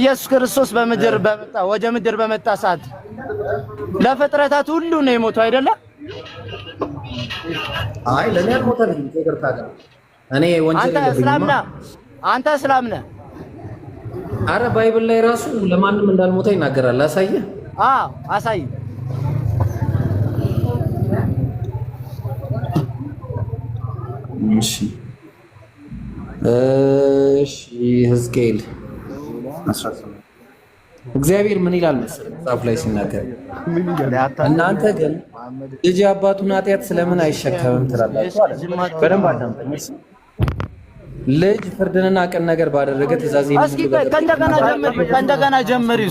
ኢየሱስ ክርስቶስ በምድር በመጣ ወደ ምድር በመጣ ሰዓት ለፍጥረታት ሁሉ ነው የሞተው አይደለ? አይ ለኔ አልሞተም። ይቅርታ ጋር እኔ ወንጀል አንተ አንተ እስላም ነህ። አረ ባይብል ላይ ራሱ ለማንም እንዳልሞተ ይናገራል። አሳየ። አዎ አሳየህ። እሺ እሺ፣ ሕዝቅኤል እግዚአብሔር ምን ይላል መሰለህ መጽሐፍ ላይ ሲናገር፣ እናንተ ግን ልጅ አባቱን ኃጢአት ስለምን አይሸከምም ትላላችሁ አለ። በደንብ ልጅ ፍርድንና ቅን ነገር ባደረገ ትእዛዝ ከእንደገና ጀምር።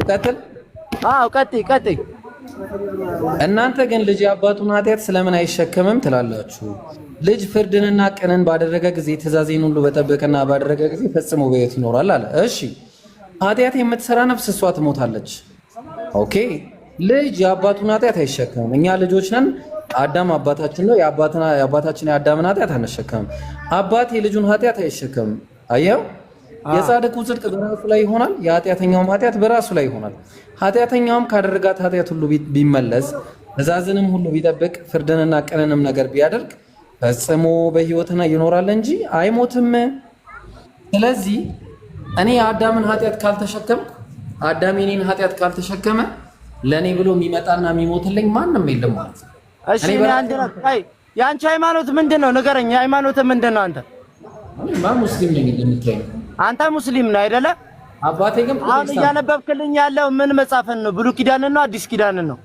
ይቀጥል። አዎ ቀጥይ፣ ቀጥይ። እናንተ ግን ልጅ አባቱን ኃጢአት ስለምን አይሸከምም ትላላችሁ ልጅ ፍርድንና ቅንን ባደረገ ጊዜ ትእዛዜን ሁሉ በጠበቀና ባደረገ ጊዜ ፈጽሞ በሕይወት ይኖራል አለ። እሺ ኃጢአት የምትሰራ ነፍስ እሷ ትሞታለች። ኦኬ ልጅ የአባቱን ኃጢአት አይሸከምም። እኛ ልጆች ነን። አዳም አባታችን ነው። የአባታችን የአዳምን ኃጢአት አንሸከምም። አባት የልጁን ኃጢአት አይሸከምም። አየው የጻድቁ ጽድቅ በራሱ ላይ ይሆናል፣ የኃጢአተኛውም ኃጢአት በራሱ ላይ ይሆናል። ኃጢአተኛውም ካደረጋት ኃጢአት ሁሉ ቢመለስ ትእዛዝንም ሁሉ ቢጠብቅ ፍርድንና ቅንንም ነገር ቢያደርግ ፈጽሞ በህይወትና ይኖራል እንጂ አይሞትም። ስለዚህ እኔ የአዳምን ኃጢአት ካልተሸከም አዳም የኔን ኃጢአት ካልተሸከመ ለእኔ ብሎ የሚመጣና የሚሞትልኝ ማንም የለም ማለት ነው። የአንቺ ሃይማኖት ምንድን ነው? ንገረኝ። ሃይማኖት ምንድን ነው? አንተ ማ ሙስሊም ነኝ እንደምታይ። አንተ ሙስሊም ነው አይደለ? አባቴ ግን አሁን እያነበብክልኝ ያለው ምን መጽሐፍን ነው? ብሉይ ኪዳን ነው? አዲስ ኪዳን ነው?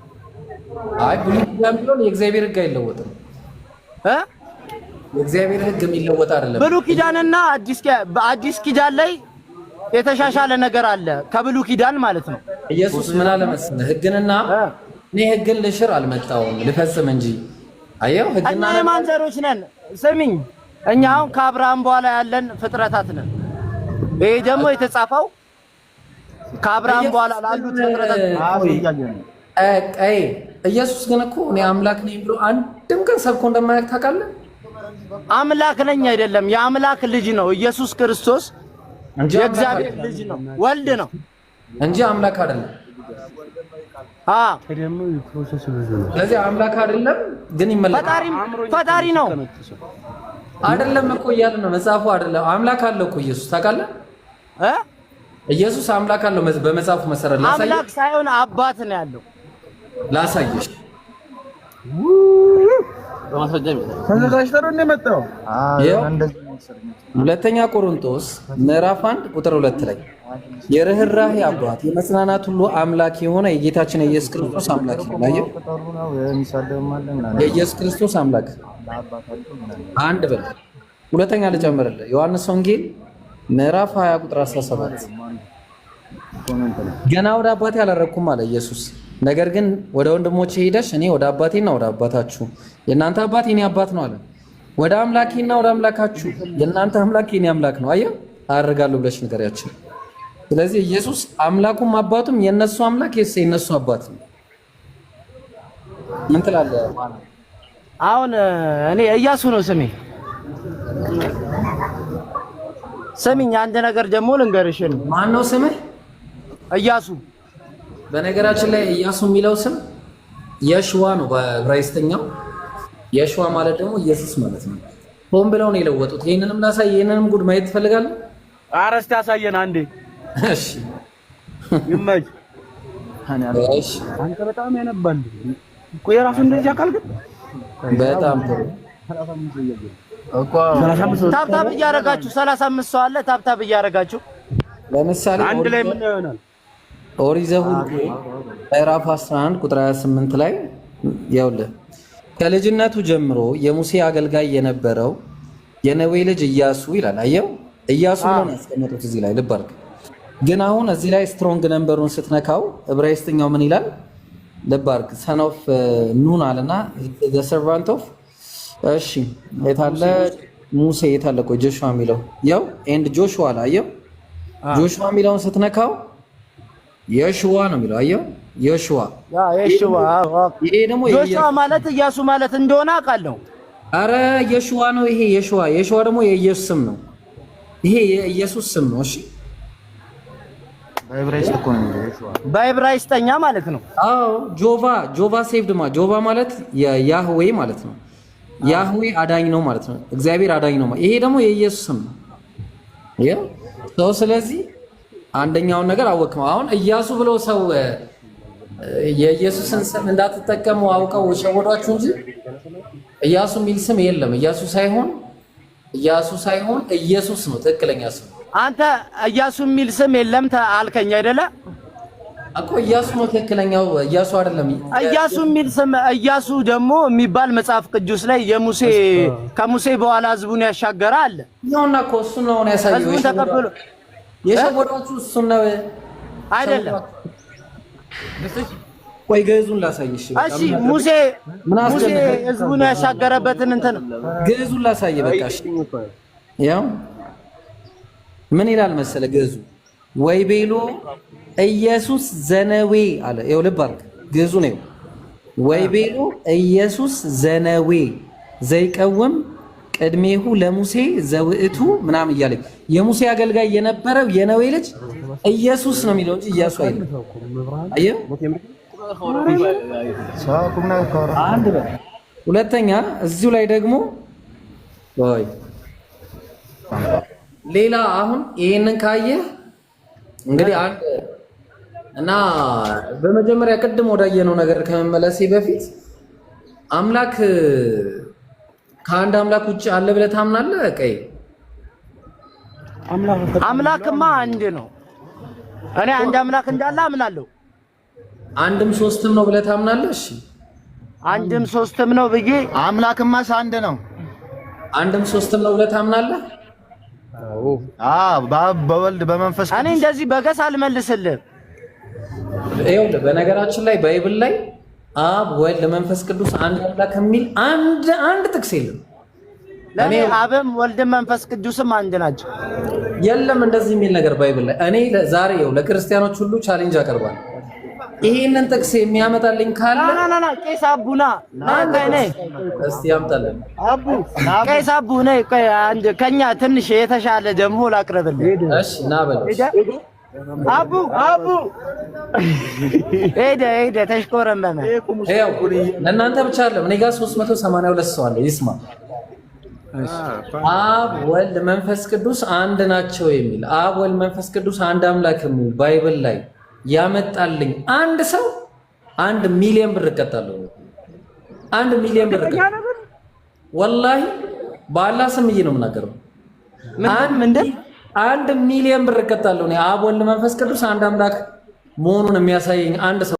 አይ ብሉይ ኪዳን ቢሆን የእግዚአብሔር ህግ አይለወጥም እ የእግዚአብሔር ሕግ የሚለወጥ አይደለም። ብሉ ኪዳንና አዲስ በአዲስ ኪዳን ላይ የተሻሻለ ነገር አለ ከብሉ ኪዳን ማለት ነው። ኢየሱስ ምን አለ መሰለህ? ሕግንና እኔ ሕግን ልሽር አልመጣሁም ልፈጽም እንጂ። አየው ሕግና እኔ የማን ዘሮች ነን? ስሚኝ፣ እኛ አሁን ከአብርሃም በኋላ ያለን ፍጥረታት ነን። ይሄ ደግሞ የተጻፈው ከአብርሃም በኋላ ላሉት ፍጥረታት ኢየሱስ ግን እኮ እኔ አምላክ ነኝ ብሎ አንድም ቀን ሰብኮ እንደማያውቅ ታውቃለህ? አምላክ ነኝ አይደለም፣ የአምላክ ልጅ ነው ኢየሱስ ክርስቶስ የእግዚአብሔር ልጅ ነው፣ ወልድ ነው እንጂ አምላክ አይደለም። አዎ ስለዚህ አምላክ አይደለም፣ ግን ይመለካል። ፈጣሪ ነው አይደለም እኮ እያለ ነው መጽሐፉ። አይደለም አምላክ አለው እኮ ኢየሱስ ታውቃለህ እ ኢየሱስ አምላክ አለው በመጽሐፉ መሰረት። አምላክ ሳይሆን አባት ነው ያለው ላሳየሽ በማስረጃ ሁለተኛ ቆሮንቶስ ምዕራፍ አንድ ቁጥር ሁለት ላይ የርኅራሄ አባት የመጽናናት ሁሉ አምላክ የሆነ የጌታችን የኢየሱስ ክርስቶስ አምላክ ነው። የኢየሱስ ክርስቶስ አምላክ አንድ በል። ሁለተኛ ልጨምርልህ ዮሐንስ ወንጌል ምዕራፍ 20 ቁጥር 17 ገና ወደ አባቴ አላረኩም አለ ኢየሱስ ነገር ግን ወደ ወንድሞቼ ሄደሽ እኔ ወደ አባቴና ወደ አባታችሁ የእናንተ አባት የኔ አባት ነው አለ። ወደ አምላኬና ወደ አምላካችሁ የእናንተ አምላክ የኔ አምላክ ነው። አየህ አያደርጋለሁ ብለሽ ንገሪያቸው። ስለዚህ ኢየሱስ አምላኩም አባቱም የነሱ አምላክ የነሱ አባት ነው። ምን ትላለህ? አሁን እኔ እያሱ ነው ስሜ። ስሚኝ አንድ ነገር ደግሞ ልንገርሽን። ማን ነው ስምህ? እያሱ በነገራችን ላይ እያሱ የሚለው ስም የሽዋ ነው በዕብራይስጥኛው። የሽዋ ማለት ደግሞ ኢየሱስ ማለት ነው። ሆን ብለው ነው የለወጡት። ይህንንም ላሳይ፣ ይህንንም ጉድ ማየት ትፈልጋለህ? አረስት ያሳየን አንዴ። እሺ ይመች። አንተ በጣም ያነባል እኮ የራሱ እንደዚህ አካል ግን በጣም ጥሩ ታብታብ እያደረጋችሁ ሰላሳ አምስት ሰው አለ። ታብታብ እያደረጋችሁ ለምሳሌ አንድ ላይ ምን ይሆናል ኦሪት ዘኍልቍ ምዕራፍ 11 ቁጥር 28 ላይ ይኸውልህ ከልጅነቱ ጀምሮ የሙሴ አገልጋይ የነበረው የነዌ ልጅ ኢያሱ ይላል። አየው ኢያሱ ብለን ያስቀመጡት እዚህ ላይ ልብ አድርግ። ግን አሁን እዚህ ላይ ስትሮንግ ነንበሩን ስትነካው ዕብራይስጥኛው ምን ይላል? ልብ አድርግ። ሰን ኦፍ ኑን አለና ዘ ሰርቫንት ኦፍ እሺ፣ የታለ ሙሴ የታለ ቆይ ጆሹዋ የሚለው ያው ኤንድ ጆሹዋ ላይ አየው ጆሹዋ የሚለውን ስትነካው የሽዋ ነው የሚለው። አየው የሽዋ የሽዋ ይሄ ደግሞ የሽዋ ማለት ኢያሱ ማለት እንደሆነ አውቃለሁ። አረ የሽዋ ነው ይሄ የሽዋ የሽዋ ደግሞ የኢየሱስ ስም ነው። ይሄ የኢየሱስ ስም ነው። እሺ በዕብራይስጥ እኮ ነው የሽዋ በዕብራይስጥኛ ማለት ነው። አዎ ጆቫ ጆቫ ሴቭድ ማ ጆቫ ማለት ያህዌ ማለት ነው። ያህዌ አዳኝ ነው ማለት ነው። እግዚአብሔር አዳኝ ነው። ይሄ ደግሞ የኢየሱስ ስም ነው። ስለዚህ አንደኛውን ነገር አወቅም። አሁን እያሱ ብለው ሰው የኢየሱስን ስም እንዳትጠቀሙ አውቀው ሸወዷችሁ እንጂ እያሱ የሚል ስም የለም። እያሱ ሳይሆን እያሱ ሳይሆን ኢየሱስ ነው ትክክለኛ ስም። አንተ እያሱ የሚል ስም የለም አልከኝ አይደለ? እኮ እያሱ ነው ትክክለኛው። እያሱ አይደለም እያሱ የሚል ስም። እያሱ ደግሞ የሚባል መጽሐፍ ቅዱስ ላይ የሙሴ ከሙሴ በኋላ ህዝቡን ያሻገረ አለ ነውና እኮ እሱ ነው ያሳየው የሸወዳችሁ እሱን ነው አይደለም? ቆይ ላሳይሽ። እሺ ሙሴ ሙሴ ህዝቡን ያሻገረበትን እንትን ላሳይ። በቃ እሺ፣ ያው ምን ይላል መሰለ ገዙ ወይ ቤሎ ኢየሱስ ዘነዌ አለ። ይኸው ልብ አድርግ፣ ገዙ ነው ወይ ቤሎ ኢየሱስ ዘነዌ ዘይቀውም ቅድሜሁ ለሙሴ ዘውእቱ ምናምን እያለ የሙሴ አገልጋይ የነበረው የነዌ ልጅ ኢየሱስ ነው የሚለው እንጂ ኢያሱ አይደለም። አንድ ሁለተኛ፣ እዚሁ ላይ ደግሞ ሌላ አሁን ይሄንን ካየ እንግዲህ አንድ እና በመጀመሪያ ቅድም ወዳየነው ነገር ከመመለሴ በፊት አምላክ ከአንድ አምላክ ውጭ አለ ብለህ ታምናለህ? ቀይ አምላክማ አንድ ነው። እኔ አንድ አምላክ እንዳለ አምናለሁ። አንድም ሶስትም ነው ብለህ ታምናለህ? እሺ አንድም ሶስትም ነው ብዬ አምላክማስ አንድ ነው። አንድም ሶስትም ነው ብለህ ታምናለህ? አዎ በአብ በወልድ በመንፈስ እኔ እንደዚህ በገስ አልመልስልህም። ይኸውልህ በነገራችን ላይ በይብል ላይ አብ ወልድ መንፈስ ቅዱስ አንድ አምላክ የሚል አንድ አንድ ጥቅስ የለም። ለኔ አብም ወልድም መንፈስ ቅዱስም አንድ ናቸው። የለም እንደዚህ የሚል ነገር ባይብል ላይ እኔ ዛሬ ይኸው ለክርስቲያኖች ሁሉ ቻሌንጅ አቀርባለሁ። ይሄንን ጥቅስ የሚያመጣልኝ ካለ ና ና ና ቄስ አቡና እስቲ ያምጣልን። አቡ ቄስ አቡ ነይ ከኛ ትንሽ የተሻለ ደግሞ ላቅርብልህ። እሺ ና በል አቡ አቡ ሄደ ሄደ ተሽኮረመመ። ይኸው ለእናንተ ብቻ አይደለም እኔ ጋር 382 ሰው አለ። ይስማ አብ ወልድ መንፈስ ቅዱስ አንድ ናቸው የሚል አብ ወልድ መንፈስ ቅዱስ አንድ አምላክ የሚል ባይብል ላይ ያመጣልኝ አንድ ሰው አንድ ሚሊዮን ብር እቀጣለሁ። አንድ ሚሊዮን ብር ወላሂ በአላህ ስምዬ ነው የምናገረው። አንድ ምንድን አንድ ሚሊዮን ብር እቀጣለሁ። እኔ አብ ወልድ መንፈስ ቅዱስ አንድ አምላክ መሆኑን የሚያሳየኝ አንድ ሰው